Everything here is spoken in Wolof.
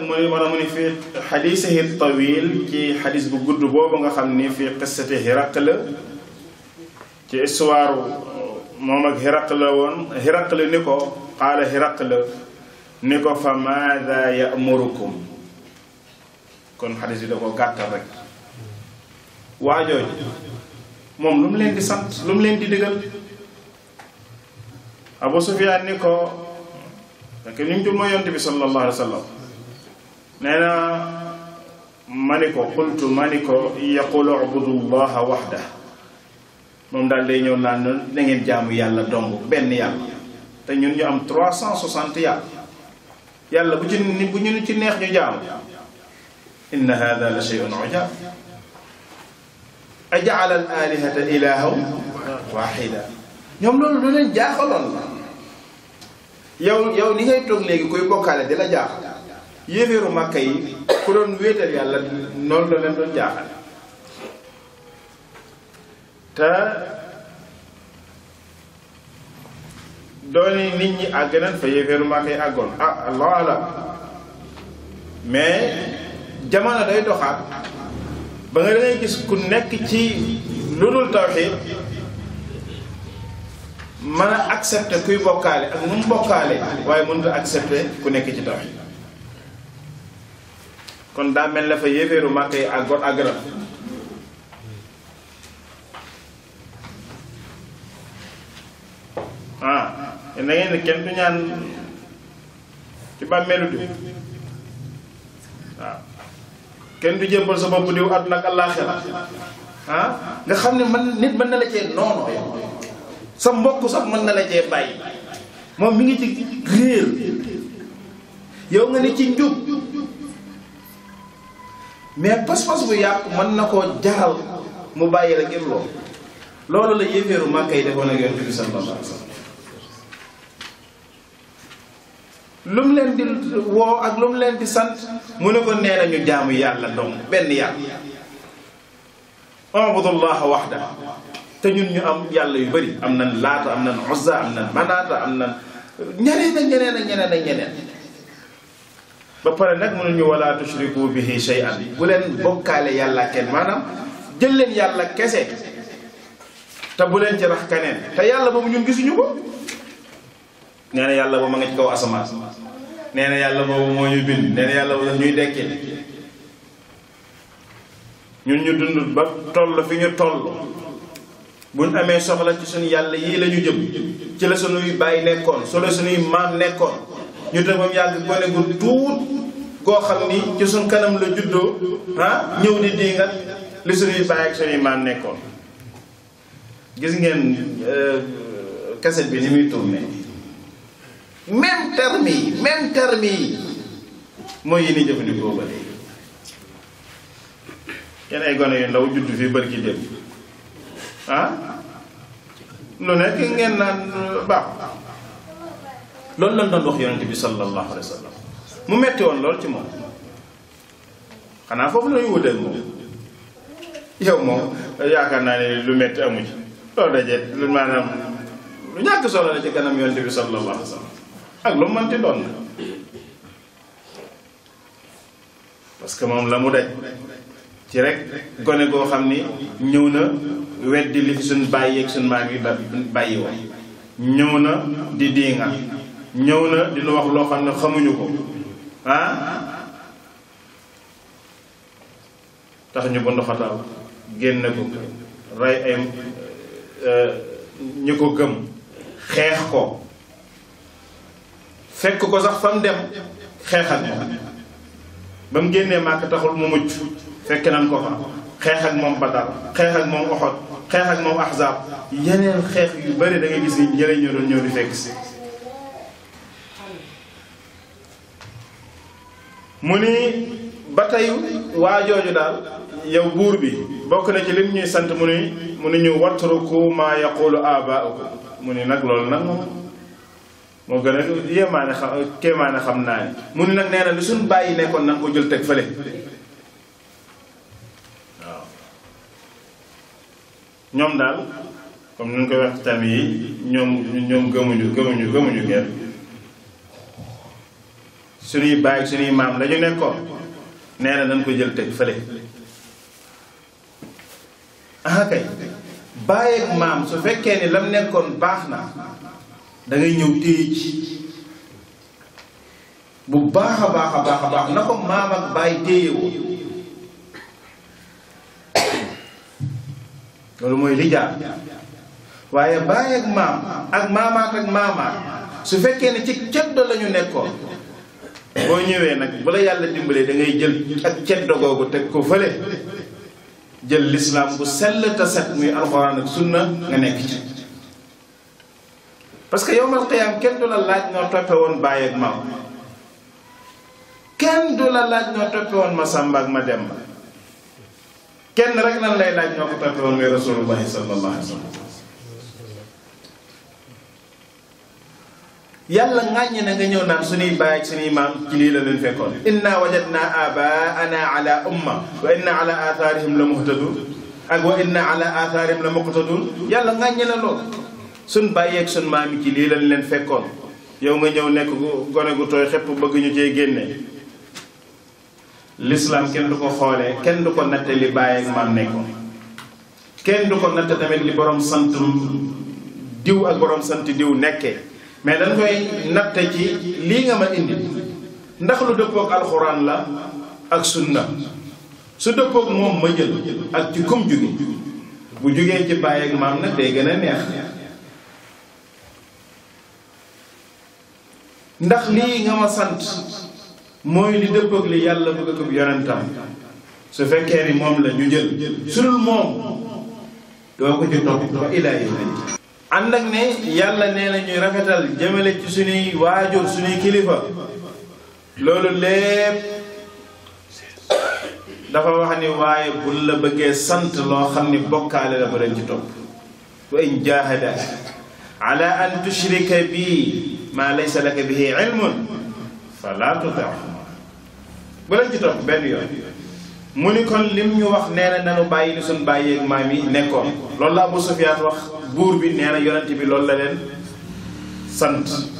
nag mooy mën mu ni fii xadiisihi tawil ci xadis bu gudd boobu nga xam ni fii qissati Hiraqla ci histoire moom ak Hiraqla woon Hiraqla ni ko qaala Hiraqla ni ko fa maada yamurukum kon xadis bi da ko gàttal rek waajooju moom lu mu leen di sant lu mu leen di digal Abu Sufyaan ni ko parce ñu jur mooy yonent bi sallallahu wa sallam nee na ma ni ko xultu ma ni waxda moom daal day ñëw naan na da ngeen jaamu yàlla dong benn yàlla te ñun ñu am trois bu ci bu ci neex ñu jaamu inna hada la shay'un ujab aja'ala al alihata ilahan wahida ñoom loolu du leen jaaxaloon la yow yow ni ngay toog léegi kuy bokkaale di la jaaxal yéeféeru màkka yi ku doon wéetal yàlla noonu la leen doon jaaxal te dooni nit ñi àgg nañ fa yéeféeru màkka yi àggoon ah loola mais jamono day doxaat ba nga dangay gis ku nekk ci lu dul tawxiid mën a accepter kuy bokkaale ak nu bokkaale waaye mënut a ku nekk ci tawxiid kon daa na fa yéeféeru màkk yi ak got ak garab ah na kenn du ñaan ci bàmmeelu diw waaw ah, kenn du jébbal sa bopp diw àdduna ak àllaaxira ah nga xam ne man nit mën na la cee noonu sa mbokk sax mën na la cee bàyyi moom mi ngi ci réer yow nga ne ci njub mais pas-pas bu yàqu mën na koo jaral mu bàyyi la ngir loolu loolu la yéeféeru màkka yi defoon ak yonent bi sallallahu alayhi wa sallam lu mu leen di woo ak lu mu leen di sant mu ne ko nee na ñu jaamu yàlla dong benn yàlla abudullah waxda te ñun ñu am yàlla yu bëri am nañ laata am na uzza am nañ manaata am nañ ñeneen ak ñeneen ak ñeneen ak ñeneen ba pare nag mënuñu wala tushriku bihi shay'an bu leen bokkaale yàlla kenn maanaam jël leen yàlla kese te bu leen ci rax te yàlla boobu ñun gisuñu ko nee yàlla boobu ma nga ci kaw asamaan nee na yàlla boobu moo ñu bind nee yàlla boobu daf ñuy dekkil ñun ñu dund ba toll fi ñu toll buñ amee soxla ci suñu yàlla yii la ñu jëm ci la suñuy bàyyi nekkoon solo suñuy maam nekkoon ñu te yàgg gone gu tuut koo xam ni ci suñ kanam la juddoo ah ñëw di diingat li suñuy bàyyi ak suñuy maam nekkoon gis ngeen kaset euh, bi ni muy tourné même terme yi même terme mooy yi ni jëfandikoo ba léegi kenn ay gone yu ndaw juddu fii bërki dem ah lu nekk ngeen naan euh, baax loolu lañ doon wax yonente bi sallallahu alayhi wa sallam mu metti woon lool ci moom xanaa foofu la ñu wutal moom yow moom yaakaar naa ne lu metti amu ci loolu daje lu maanaam lu ñàkk solo la ci kanam yonte bi sallallahu alayhi wa ak lu mënti doon na parce que moom la mu daj ci rek gone goo xam ni ñëw na weddi li fi suñ bàyyi ak suñ maag yi da bàyyi woon ñëw na di diinga ñëw na dina wax loo xam ne xamuñu ko ah tax ñu bu ndoxataal génne ko rey ay eh, eh, ñi ko gëm xeex ko fekk ko sax fam dem xeexal ko ba mu génnee màkk taxul mu mucc fekk nan ko fa xeex ak moom Badar xeex ak moom Oxod xeex ak moom Ahzab yeneen xeex yu bari da ngay gis ni jëlee ñoo doon ñëw di fekk si mu ni ba tey waa jooju daal yow buur bi bokk na ci lim ñuy sant mu ni mu ni ñu watruku maa yaqulu abaa'ukum mu ni nag loolu nag moom moo gën a yéemaane xam kéemaane xam naa ni mu ni nag nee na li suñ bàyyi nekkoon nag ko jël teg fële waaw ñoom daal comme ni ñu koy tamit yi ñoom ñoom gëmuñu gëmuñu gëmuñu kenn suñuy baay suñuy maam la ñu nekkoon nee na nañ ko jël teg fële ah kay baay ak maam su fekkee ni lam nekkoon baax na dangay ñëw téye ci bu baax a baax a baax na ko maam ak baay téye loolu mooy li jaar waaye baay ak maam ak maamaat ak maamaat su fekkee ne ci ceddo la nekkoon. boo ñëwee nag bu la yàlla dimbalee dangay ngay jël ak ceddo googu teg ko fële jël lislaam bu sell te set muy alxuraan ak sunna nga nekk ci parce que yowmal qiyaam kenn du la laaj noo toppe woon bàyyi ak maam kenn du la laaj noo toppe ma sàmba ak ma demba kenn rek lan lay laaj noo ko toppe muy rasulullahi sallallahu yàlla ŋàññi na nga ñëw naan suñuy baay ak suñuy maam ci lii la leen fekkoon inna wajadna abaana ala umma wa inna ala athaarihim la muhtadun ak wa inna ala athaarihim la muqtadun yàlla ŋàññi na lool suñ bàyyi ak suñ maam ci lii lañ leen fekkoon yow nga ñëw nekk gone gu tooy xepp bëgg ñu jee génne l'islam kenn du ko xoole kenn du ko natte li baay ak maam nekkoon kenn du ko natte tamit li borom sant diw ak borom sant diw nekkee mais dañ koy natte ci lii nga ma indi ndax lu dëppook alxuraan la ak sunna su dëppook moom ma jël ak ci kum jóge bu jógee ci bàyyi ak maam nag day gën a neex ndax lii nga ma sant mooy li dëppook li yàlla bëgg ak yonentam su fekkee ni moom la ñu jël su moom doo ko ci topp ba ilaa ilaa ànd ak ne yàlla nee na ñuy rafetal jëmale ci suñuy waajur suñuy kilifa loolu lépp dafa wax ni waaye bu la bëggee sant loo xam ni bokkaale la ba leen ci topp wa in jaahada ala an tushrika bi maa laysa laka bihi ilmun fala tuti bu leen ci topp benn yoon mu ni kon lim ñu wax nee na nanu bàyyi li suñ bàyyeeg maam yi nekkoon loolu laa Abu Sufyaan wax buur bi nee na yonent bi loolu la leen sant